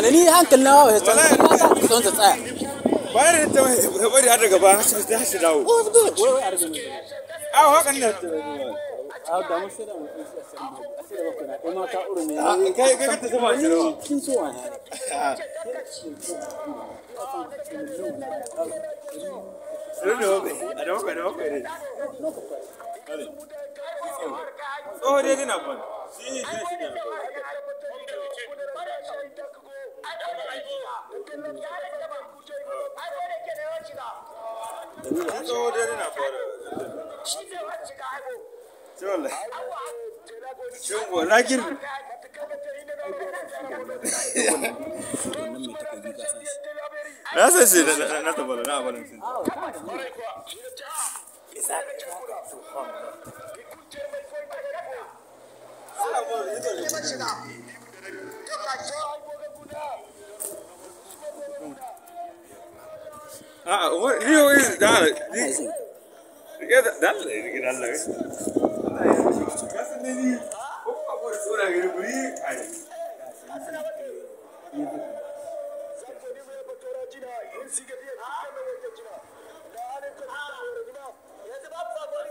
أنا لي هانك النواوي تنسى باير أنت هبري هذا قبا هسه هسه داو وش دوت أو هاك النت أو دام السلام وما كأورني كي كي كنت تبغى شنو كنت وين هذا أنا ما أنا ما أنا أوه ده ده نبض tsawo dare na fara Jola. Shin ragin. Na san shi na na tabara na abalan shi. Isa. Ah, what? Who is that. Yeah, that, that lady, that lady.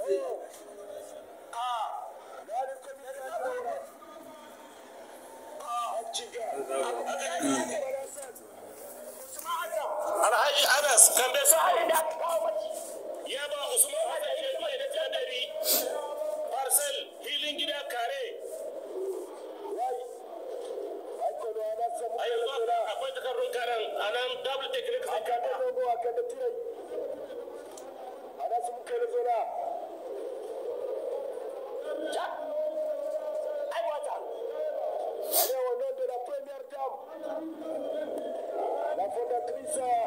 Thank you. alhaji anas kan bai ya ba usman hada ya zuwa da ta dari parcel filin gida kare a yanzu akwai karen double technique a kan kai ai wata première dame, la fondatrice euh,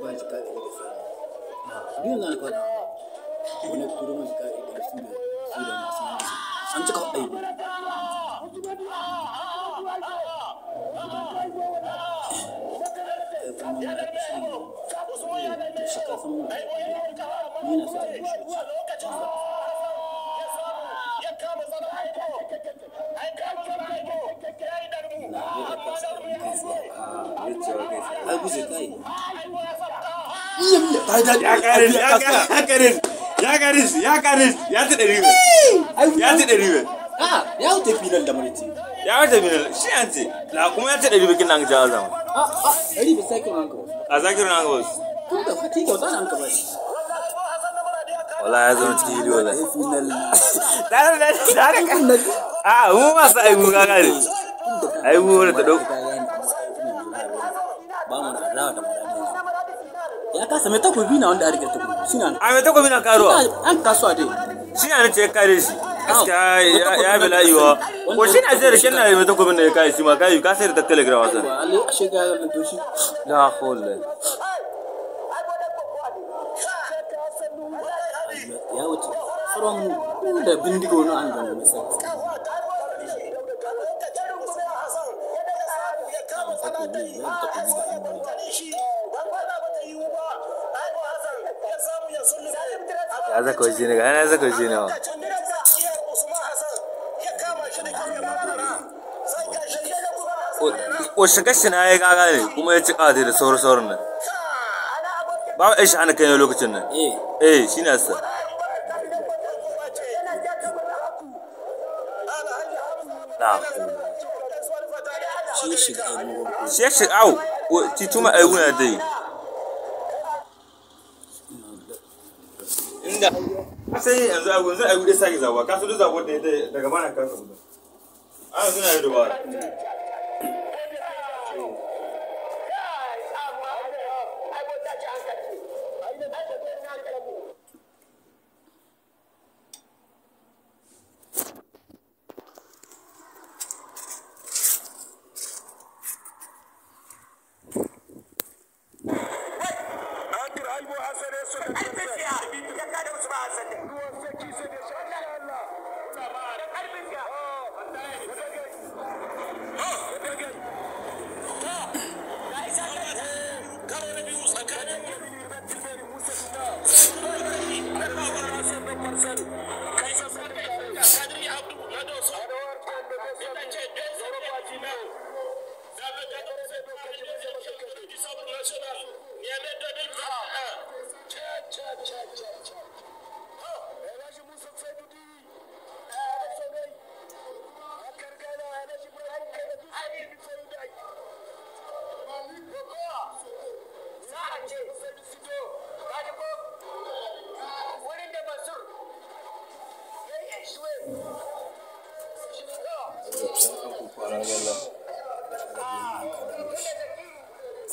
Bajikari Edison. Yunal ko na. Wala puro Bajikari Edison. Sila na sa mga. Ang tsaka ay. Shaka sa mga. Yun na sa mga. ya karis ya karis ya ta ɗari ya ta ɗari a ya wuce filin da mariti ya wuce filin shi an ce na kuma ya ta ɗari bikin nan jawa zama a a ɗari bi sakin an gabas a sakin an gabas tun da kwati kyauta an gabas wala ya zama cikin hiliyo zai a mu masu aibu gaga ne aibu wani ta dauka ya kasa mai takobi na wanda a rike takobi shi na a mai takobi na karuwa an kasuwa dai shi na ce kare shi gaskiya ya bi layiwa ko shi na sayar na mai takobin da ya kare shi ma kayu ka sayar ta telegram wasan da ya wuce from da bindigo na an gano masa ya zaka waje ne ga ya zaka waje ne wa shiga shi na ya gaga ne kuma ya ci kawai da sauran sauran nan ba ya shi hana kai lokacin nan eh, eh shi na sa Cherche. Au. Ti tuma ai wuna dai. Inda sai yanzu a yanzu a gudu sai zawa. Ka so da zawa da daga mana ka so. A yanzu na da ba.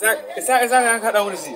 that is that how I want to see?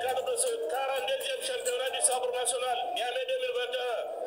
Kadrosu Karan Deryem Şampiyonadi Sabır Nasional Niame Demirbaca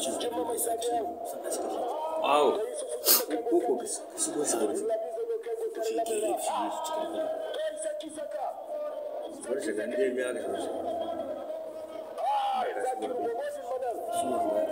Ah! Au! Koko kasigo zabi. Shi ke yi shi yi cikin gari. Wani shiga ne ya ga shi. Shi ne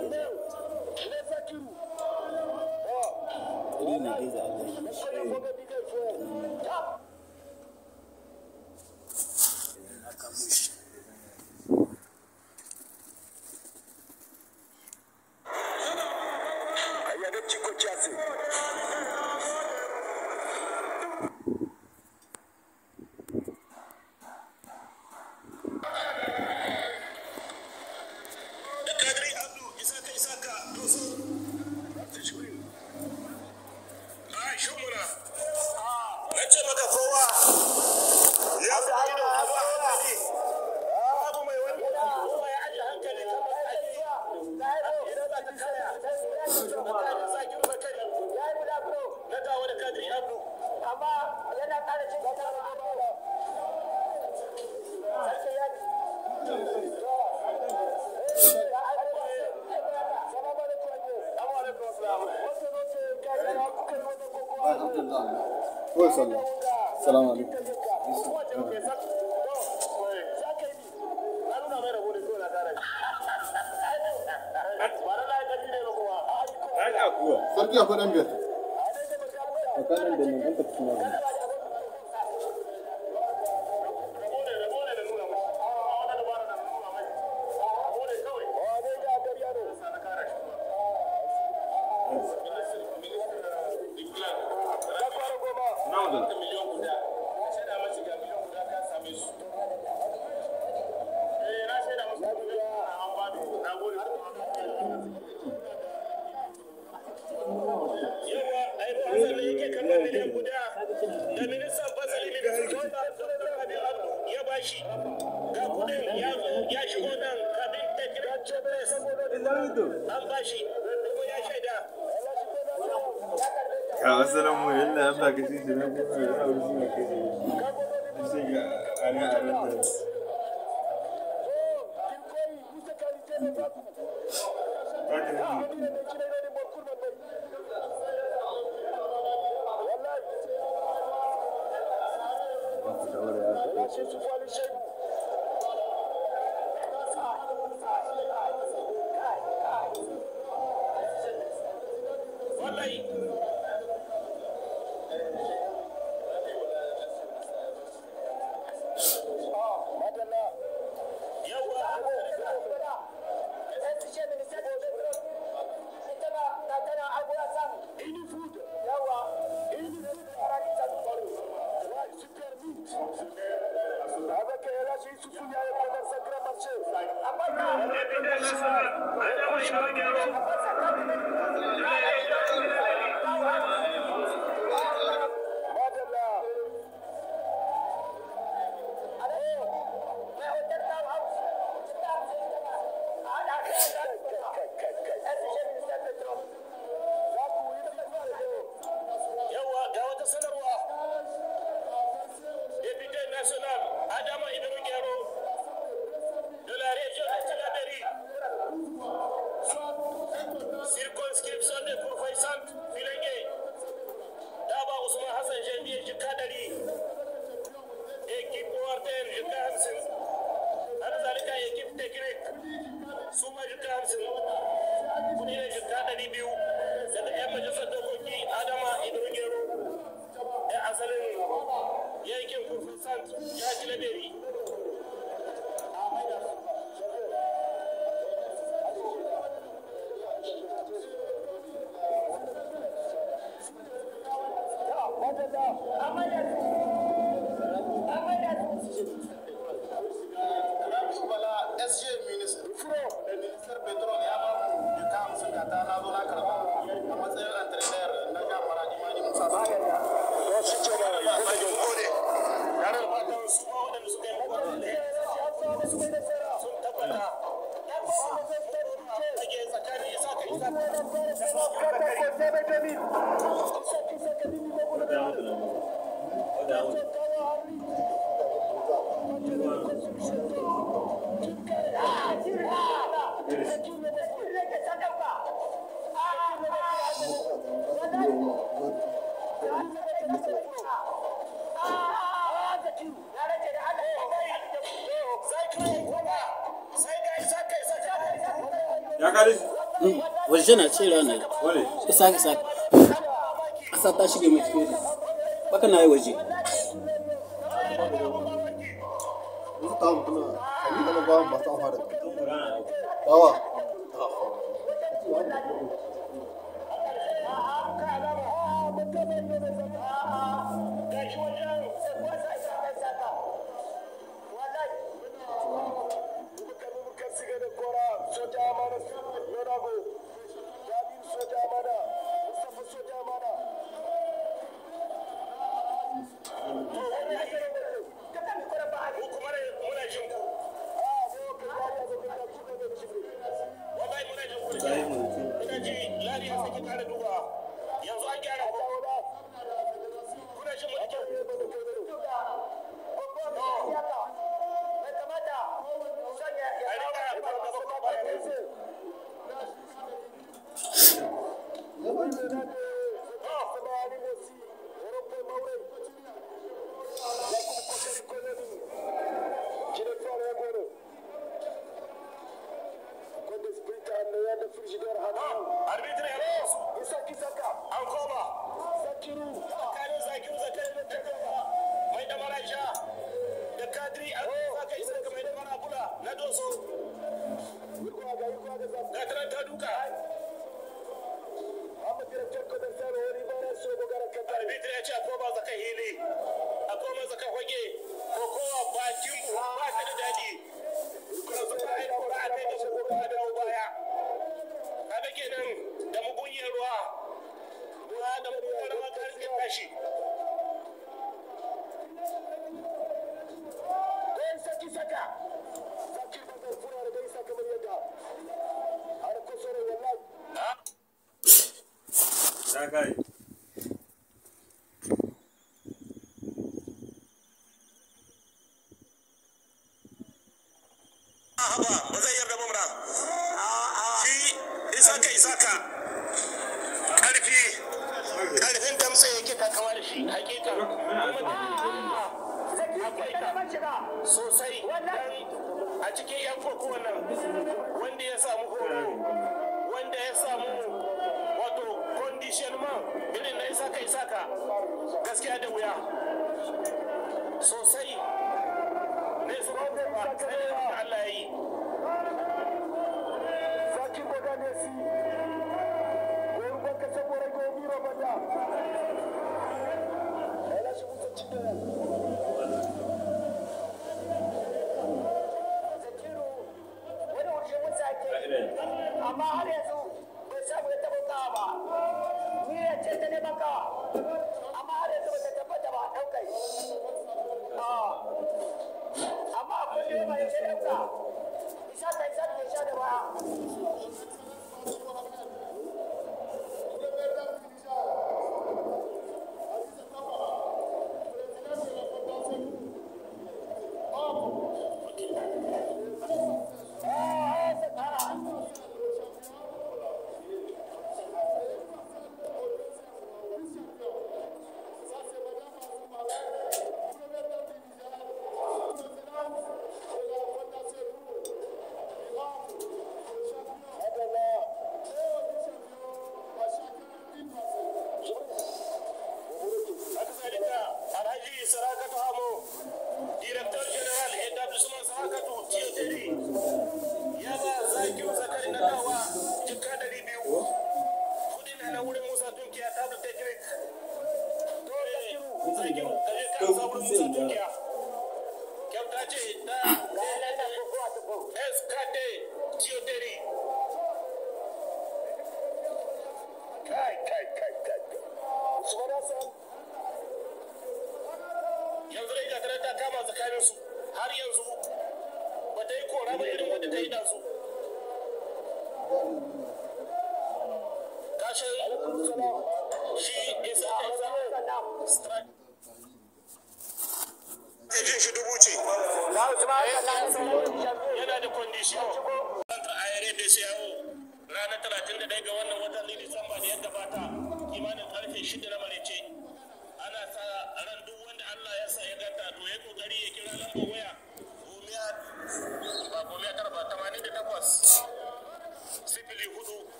na mai rabo da kyau na kara shi a kuwa sarki da mai virginia ce ranar isa isa ƙasa ta shige mai cikin baka na yi waje ba shi isaka isaka karfi karfin damtse yake ka? da shi hakika sosai a cikin yan koko nan wanda ya samu horo wanda ya samu wato condition ma irin na isaka ka, gaskiya da wuya sosai ne su ba Allah ya yi Thank you.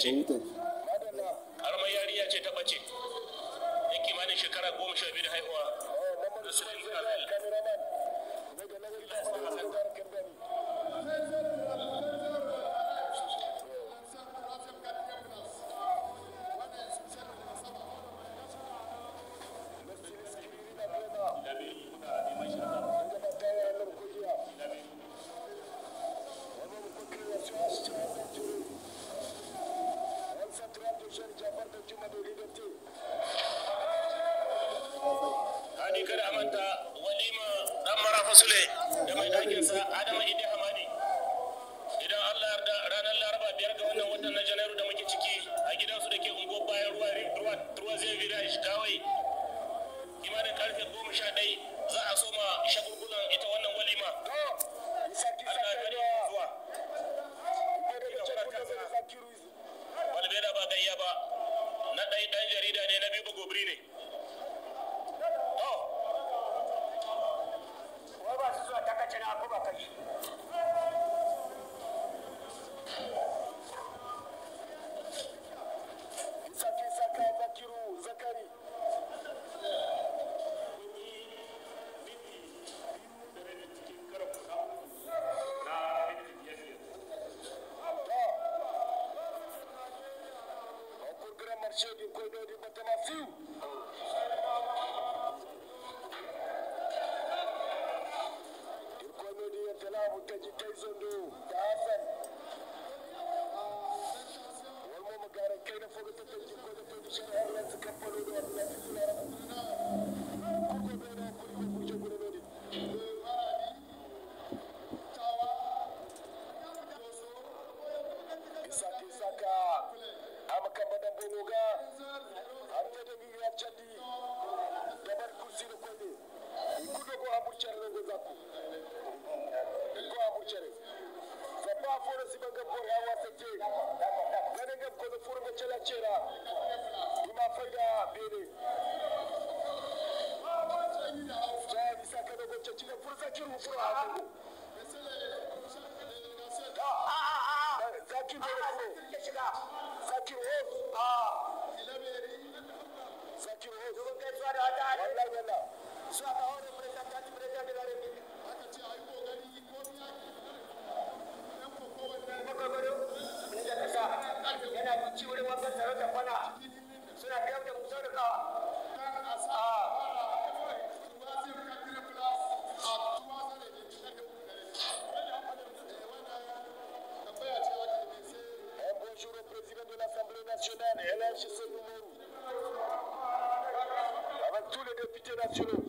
zancen iko yarinya ce ta bace yan kimanin shekara goma sha biyu da haihuwa da su Fenerbahçe maçını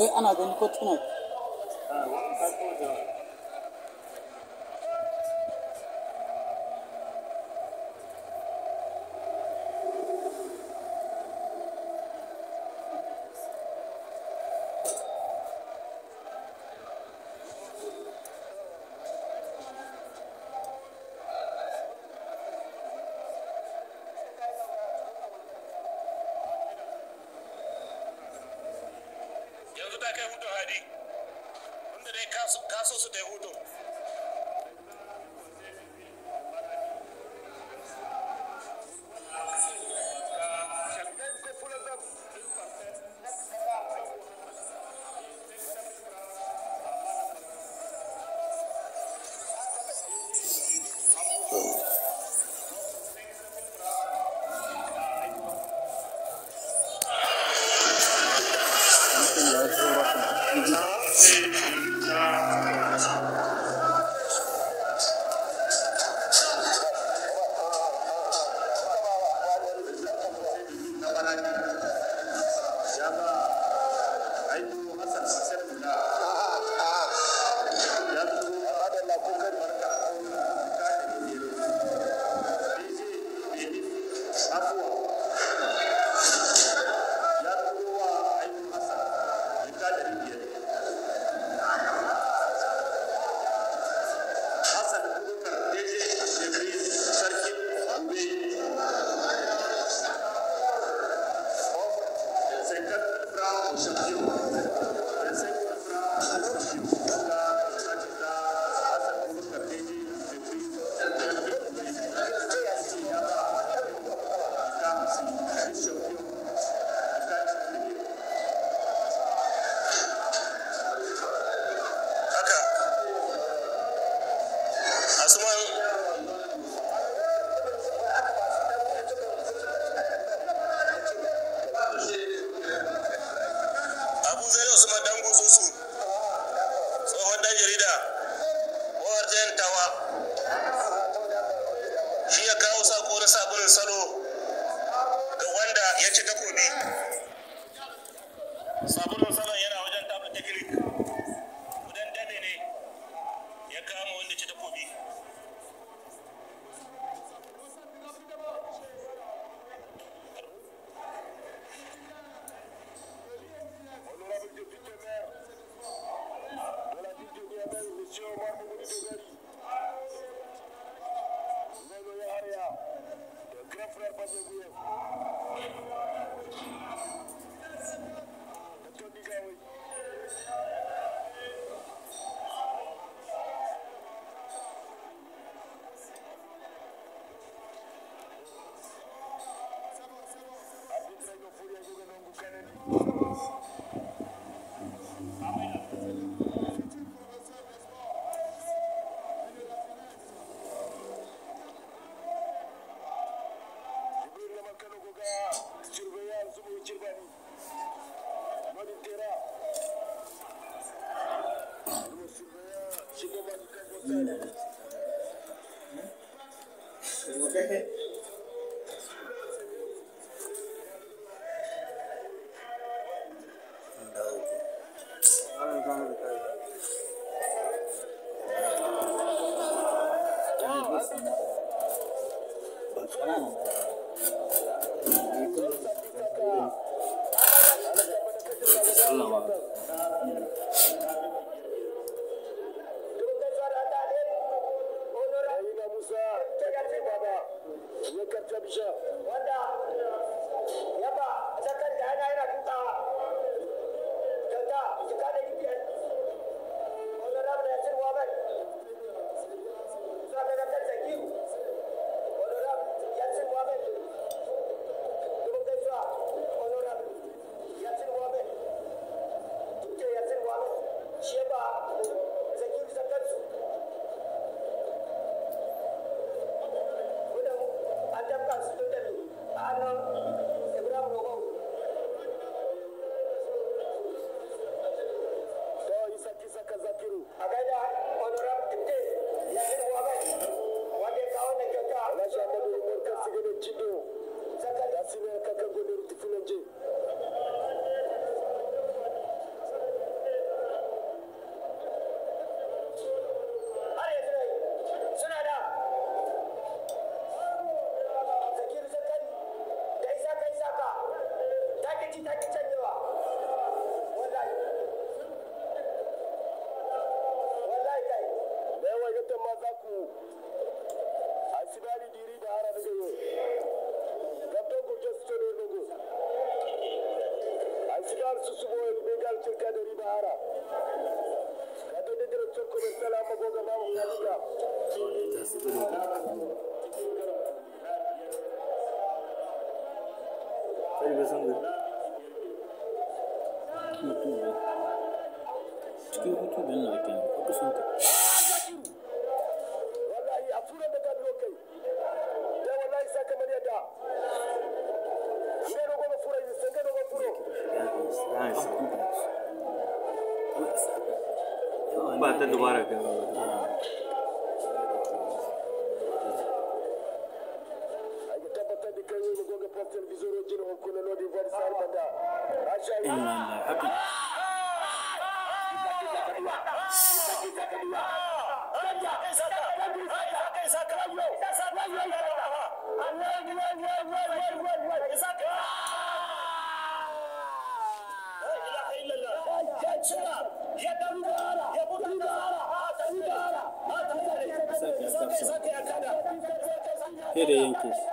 Eh, ana gani ko tunan. hold on. Okay. Bora, cara. Herentes.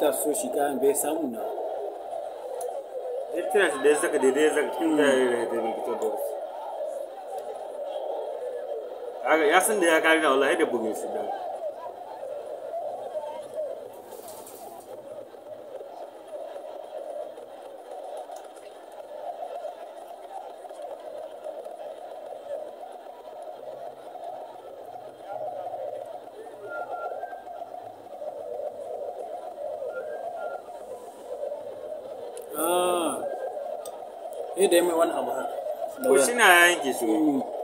ta so shi kayan bai samu na ita shi da ya saka ya saka da ya da da ya san da ya kari na wallahi da bugun su da 现在技术。